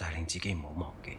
就係令自己唔好忘記。